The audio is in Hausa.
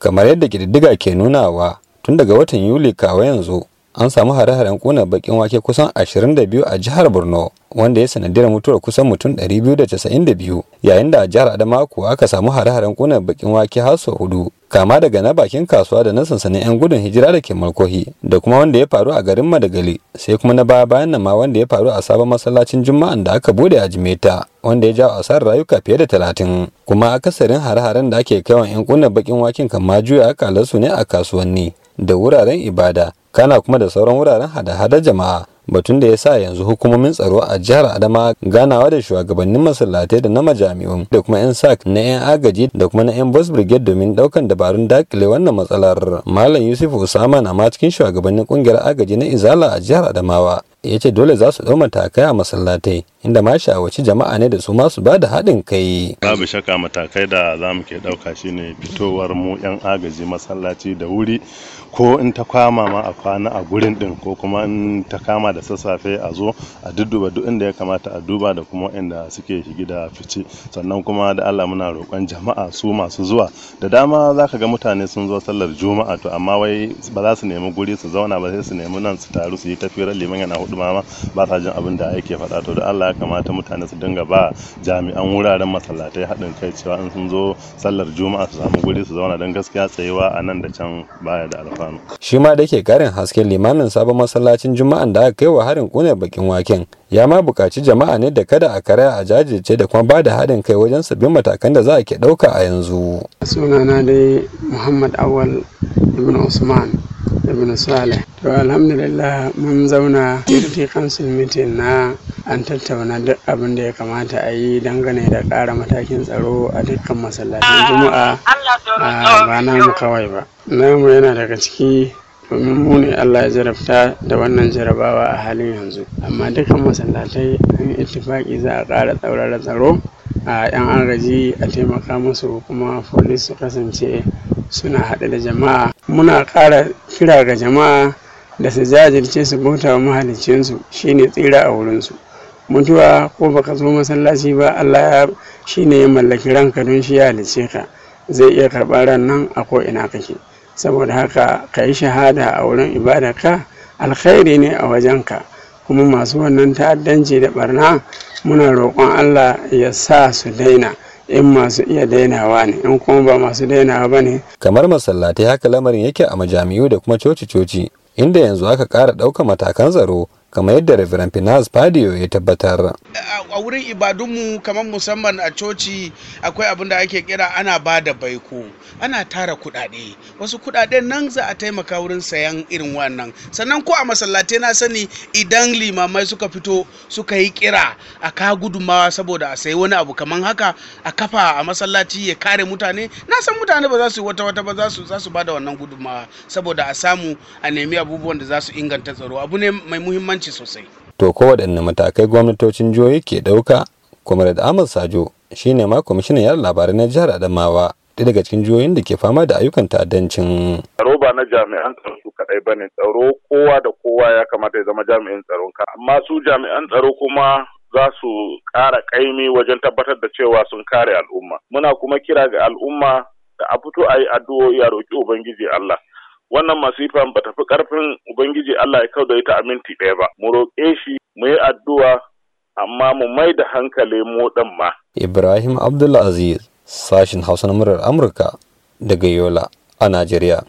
kamar yadda ƙididdiga ke nunawa tun daga watan yuli kawo yanzu an samu hare-haren kuna bakin wake kusan 22 a jihar borno wanda ya sanadiyar mutuwar kusan mutum 292 yayin da a jihar adamawa kuwa aka samu hare-haren kuna bakin wake har sau hudu kama daga na bakin kasuwa da na sansanin 'yan gudun hijira da ke malkohi da kuma wanda ya faru a garin madagali sai kuma na baya bayan nan ma wanda ya faru a sabon masallacin juma'an da aka bude a jimeta wanda ya jawo asarar rayuka fiye da talatin kuma akasarin hare-haren da ake kaiwa 'yan kuna bakin waken kan ma juya kalarsu ne a kasuwanni da wuraren ibada kana kuma da sauran wuraren hada-hada jama'a batun da ya sa yanzu hukumomin tsaro a jihar adama ganawa da shugabannin masallatai da na majami'un da kuma 'yan sak na 'yan agaji da kuma na 'yan bus brigade domin daukan dabarun dakile wannan matsalar malam yusuf usama na ma cikin shugabannin kungiyar agaji na izala a jihar adamawa ya ce dole za su matakai a masallatai inda ma shawarci jama'a ne da su ma su ba da haɗin kai. Babu shaka matakai da za mu ke ɗauka shi ne fitowar mu 'yan agaji masallaci da wuri ko in ta kwama ma a kwana a gurin ɗin ko kuma in ta kama da sassafe a zo a dudduba duk inda ya kamata a duba da kuma inda suke shige da fice sannan kuma da Allah muna roƙon jama'a su masu zuwa da dama za ka ga mutane sun zo sallar juma'a to amma wai ba za su nemi guri su zauna ba sai su nemi nan su taru su yi tafiyar liman yana dumama ma ba sa jin abin da ake faɗa to da Allah ya kamata mutane su dinga ba jami'an wuraren masallatai haɗin kai cewa in sun zo sallar juma'a su samu guri su zauna don gaskiya tsayewa a nan da can baya da alfanu. shi ma da ke karin hasken limamin sabon masallacin juma'an da aka kai wa harin ƙunar bakin waken ya ma buƙaci jama'a ne da kada a karaya a jajirce da kuma ba da haɗin kai wajen sabbin matakan da za a ke ɗauka a yanzu. sunana dai muhammad awal ibn usman ibn saleh to alhamdulillah mun zauna kirti council meeting na an tattauna duk abin da ya kamata a yi dangane da ƙara matakin tsaro a dukkan masallacin juma'a ah, ba mu kawai ba namu yana daga ciki domin mu ne Allah ya jarabta da wannan jarabawa a halin yanzu amma dukkan masallatai an ittifaki za a ƙara tsaurara tsaro a 'yan agaji a taimaka musu kuma folis su kasance suna haɗe da jama'a muna ƙara kira ga jama'a da su jajirce su bauta wa shine tsira a wurinsu mutuwa ko baka zo masallaci ba Allah ya shine ya mallaki ranka don shi ya halice ka zai iya karɓar ran nan a ko ina kake saboda haka ka yi shahada a wurin ka? alkhairi ne a wajenka kuma masu wannan ta'addanci da barna muna roƙon Allah ya sa su daina in masu iya dainawa ne in kuma ba masu dainawa ba ne kamar masallatai haka lamarin yake a majami'u da kuma coci-coci inda yanzu aka ƙara ɗaukar matakan tsaro kamar yadda Reverend Finance Padio ya tabbatar. A wurin ibadunmu kamar musamman a coci akwai abin da ake kira ana ba da baiko, ana tara kuɗaɗe. Wasu kuɗaɗen nan za a taimaka wurin sayan irin wannan. Sannan ko a masallatai na sani idan limamai suka fito suka yi kira a ka gudumawa saboda a sayi wani abu kamar haka a kafa a masallaci ya kare mutane. Na san mutane ba za su wata wata ba za su za ba da wannan gudumawa saboda a samu a nemi abubuwan da za su inganta tsaro. Abu ne mai muhimmanci muhimmanci sosai to ko waɗanne matakai gwamnatocin jihohi ke ɗauka kuma da ahmad sajo shine ma kwamishinan yara labarai na jihar adamawa ɗaya daga cikin jihohin da ke fama da ayyukan ta'addancin tsaro ba na jami'an tsaro su kaɗai ba ne tsaro kowa da kowa ya kamata ya zama jami'in tsaron ka amma su jami'an tsaro kuma za su ƙara ƙaimi wajen tabbatar da cewa sun kare al'umma muna kuma kira ga al'umma da a fito a yi addu'o'i a roƙi ubangiji Allah wannan masifa ba ta fi ƙarfin Ubangiji Allah ya da ita a minti ɗaya ba. Mu roƙe shi mu yi addu'a amma mu mai da hankali mu ɗan ma. Ibrahim Abdulaziz sashin Hausa na murar Amurka daga Yola a Najeriya.